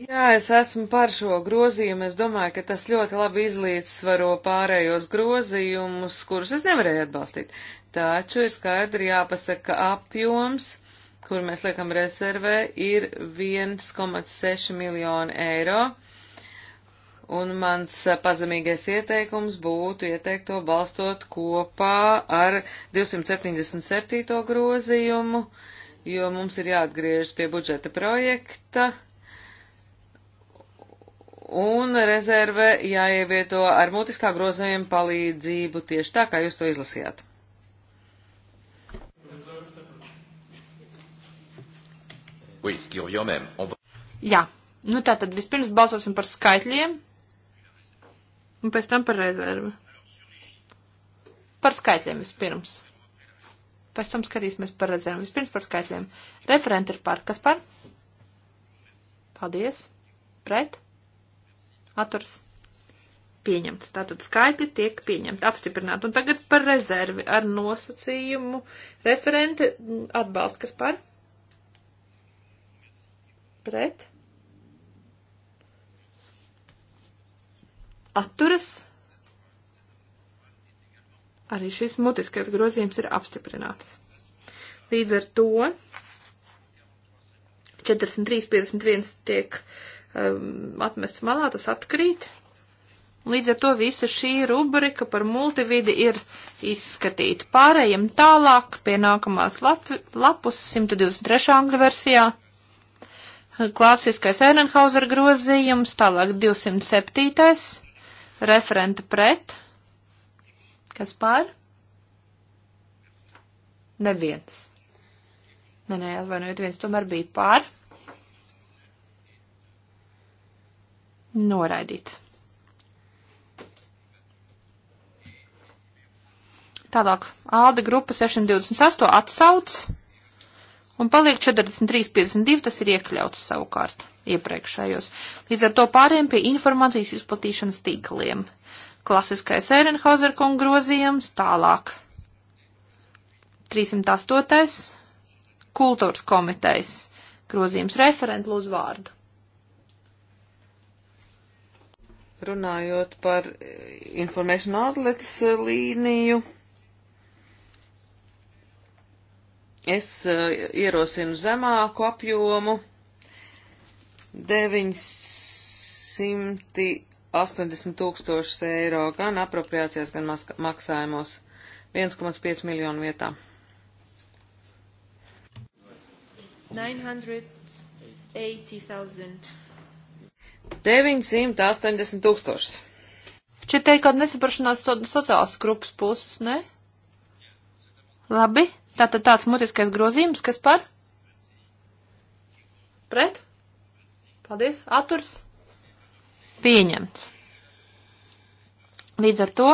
Jā, es esmu par šo grozījumu. Es domāju, ka tas ļoti labi izlīdzsvaro pārējos grozījumus, kurus es nevarēju atbalstīt. Taču ir skaidri jāpasaka, ka apjoms, kur mēs liekam rezervē, ir 1,6 miljonu eiro. Un mans pazemīgais ieteikums būtu ieteikt to balstot kopā ar 277. grozījumu, jo mums ir jāatgriežas pie budžeta projekta. Un rezerve jāievieto ar mutiskā grozījuma palīdzību tieši tā, kā jūs to izlasījāt. Jā, nu tā tad vispirms balsosim par skaitļiem, Un pēc tam par rezervi. Par skaitļiem vispirms. Pēc tam skatīsimies par rezervi. Vispirms par skaitļiem. Referenti ir par. Kas par? Paldies. Pret. Atturs. Pieņemts. Tātad skaitļi tiek pieņemti, apstiprināti. Un tagad par rezervi ar nosacījumu. Referenti atbalsta. Kas par? Pret. atturas. Arī šis mutiskais grozījums ir apstiprināts. Līdz ar to 43.51 tiek um, atmests malā, tas atkrīt. Līdz ar to visa šī rubrika par multividi ir izskatīta. Pārējiem tālāk pie nākamās Latvi, lapus 123. angļu versijā. Klasiskais Ehrenhauser grozījums, tālāk 207 referenta pret, kas par? Neviens. Nē, nē, atvainojiet, viens tomēr bija par. Noraidīts. Tālāk, Alde grupa 628 atsauc. Un paliek 43,52, tas ir iekļauts savukārt iepriekšējos. Līdz ar to pāriem pie informācijas izplatīšanas tīkliem. Klasiskais Ehrenhauser kunga grozījums, tālāk 308. kultūras komitejas grozījums referent lūdzu vārdu. Runājot par Information Outlets eh, līniju Es eh, ierosinu zemāku apjomu 980 tūkstošus eiro gan apropriācijās, gan maksājumos 1,5 miljonu vietā. 980 tūkstošus. Šeit teikt kādu nesaprašanās so sociālas grupas puses, ne? Labi. Tātad tāds mutiskais grozījums, kas par? Pret? Paldies. Aturs? Pieņemts. Līdz ar to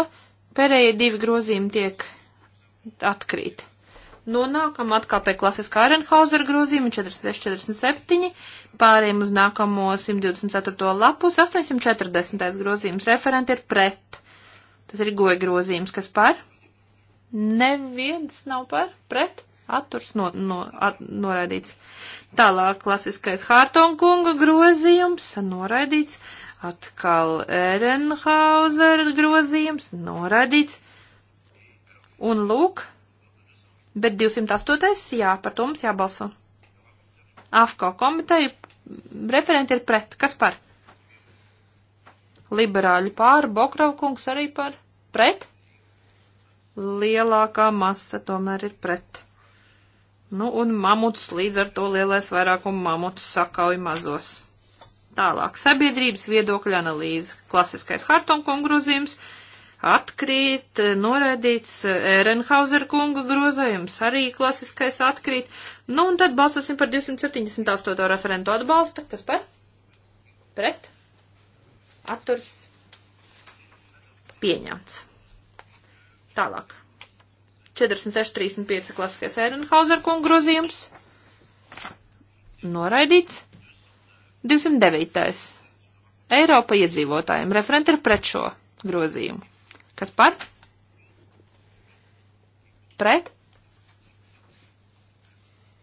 pēdējie divi grozījumi tiek atkrīt. Nonākam atkal pie klasiskā Arenhauser grozījuma 46-47, pārējiem uz nākamo 124. lapus 840. grozījums referenti ir pret. Tas ir goja grozījums, kas par? Neviens nav par, pret, atturs no, no, at, noraidīts. Tālāk klasiskais Hārtonkunga grozījums noraidīts. Atkal Erenhauzera grozījums noraidīts. Un lūk, bet 208. jā, par to mums jābalso. AFKO komiteja referenti ir pret. Kas par? Liberāļi pār, Bokraukungs arī par. Pret? lielākā masa tomēr ir pret. Nu, un mamuts līdz ar to lielais vairākums mamuts sakauj mazos. Tālāk, sabiedrības viedokļa analīze, klasiskais Hartonkunga grozījums, atkrīt, noraidīts Ehrenhauser kunga grozījums, arī klasiskais atkrīt. Nu, un tad balsosim par 278. referentu atbalsta, kas par? Pret? Atturs? Pieņemts. Tālāk. 46.35 klasiskais Ehrenhauser kunga grozījums. Noraidīts. 209. Eiropa iedzīvotājiem. Referenti ir pret šo grozījumu. Kas par? Pret?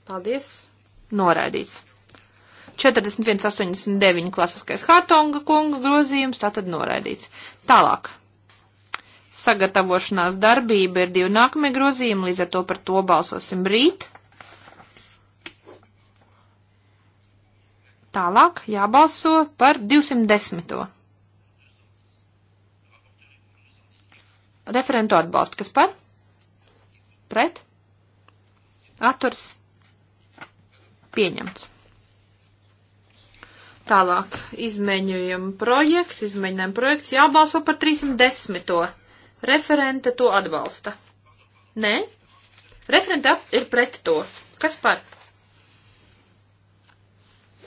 Paldies. Noraidīts. 41.89 klasiskais Hartonga kunga grozījums, tātad noraidīts. Tālāk sagatavošanās darbība ir divi nākamie grozījumi, līdz ar to par to balsosim rīt. Tālāk jābalso par 210. Referentu atbalstu. Kas par? Pret? Atturs? Pieņemts. Tālāk izmēģinājuma projekts, izmēģinājuma projekts jābalso par 310. Referente to atbalsta. Nē? Referente ir pret to. Kas par?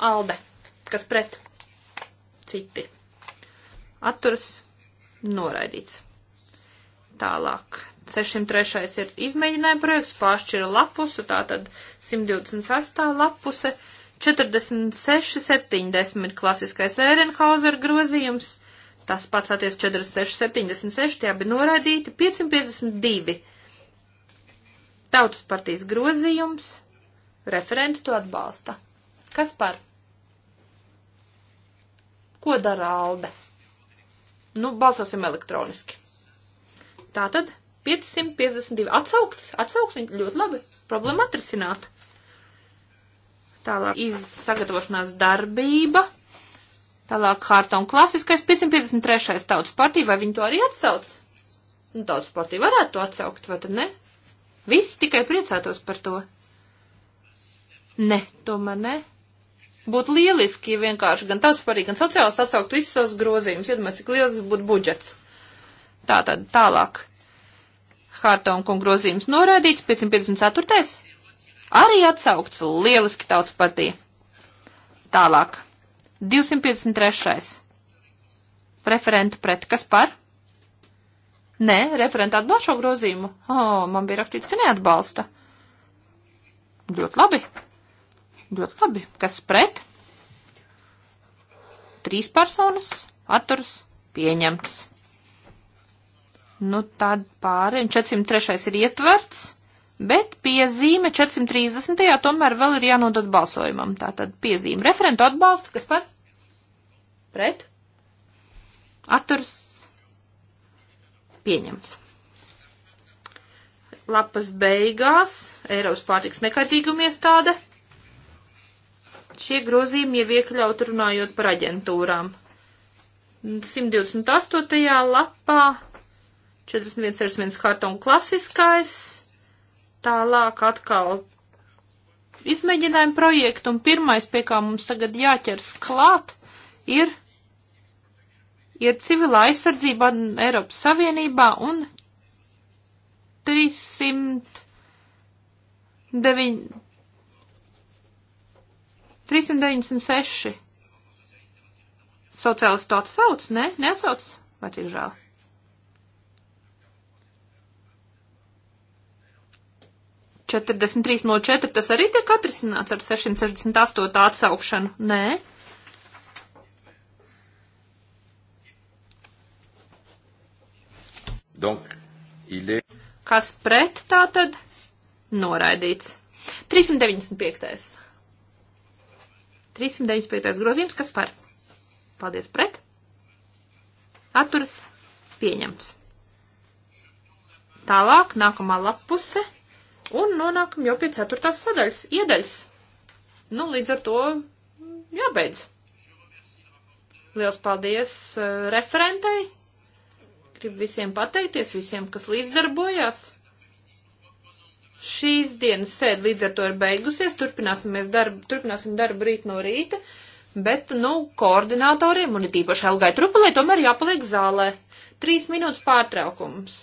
Alde. Kas pret? Citi. Atturas noraidīts. Tālāk. 603. ir izmēģinājuma projekts, pāršķira lapusu, tātad 128. lapuse, 46, 70 klasiskais Ērenhauser grozījums, Tas pats attiec 4676, tie abi noraidīti, 552. Tautas partijas grozījums, referenti to atbalsta. Kas par? Ko dara Alde? Nu, balsosim elektroniski. Tātad 552 atsaukts, atsaukts, viņi ļoti labi, problēma atrisināta. Tālāk izsagatavošanās darbība Tālāk harta un klasiskais 553. tautas partija, vai viņi to arī atsauc? Nu, tautas partija varētu to atsaukt, vai tad ne? Visi tikai priecātos par to. Ne, tomēr ne. Būtu lieliski, ja vienkārši gan tautas partija, gan sociālas atsaukt visus savus grozījumus, iedomājieties, cik liels būtu budžets. Tā tad tālāk. Harta un kungu grozījums noraidīts, 554. Arī atsaukts, lieliski tautas partija. Tālāk. 253. Referenta pret. Kas par? Nē, referenta atbalsta šo grozījumu. O, oh, man bija rakstīts, ka neatbalsta. Ļoti labi. Ļoti labi. Kas pret? Trīs personas. Atturs pieņemts. Nu, tad pāri. 403. ir ietverts bet piezīme 430. tomēr vēl ir jānodot balsojumam. Tātad piezīme referentu atbalstu, kas par? Pret? Atturs? Pieņems. Lapas beigās Eiropas pārtiks nekaitīguma iestāde. Šie grozījumi jau iekļaut runājot par aģentūrām. 128. lapā 4161 kartonu klasiskais Tālāk atkal izmēģinājumu projektu, un pirmais, pie kā mums tagad jāķers klāt, ir, ir civilā aizsardzība Eiropas Savienībā un 309, 396 sociālistu atsauc, ne? Neatsauc? Vai cik žēl? 43.04 tas arī tiek atrisināts ar 668 atsaukšanu? Nē. Donc, il est... Kas pret tā tad? Noraidīts. 395. 395. grozījums, kas par? Paldies pret. Atturas pieņemts. Tālāk, nākamā lapuse. 395. Un nonākam jau pie ceturtās sadaļas, iedaļas. Nu, līdz ar to mm, jābeidz. Liels paldies uh, referentei. Gribu visiem pateikties, visiem, kas līdzdarbojās. Šīs dienas sēde līdz ar to ir beigusies. Darbu, turpināsim darbu rīt no rīta. Bet, nu, koordinatoriem un it īpaši Helgai Trupulē tomēr jāpaliek zālē. Trīs minūtes pārtraukums.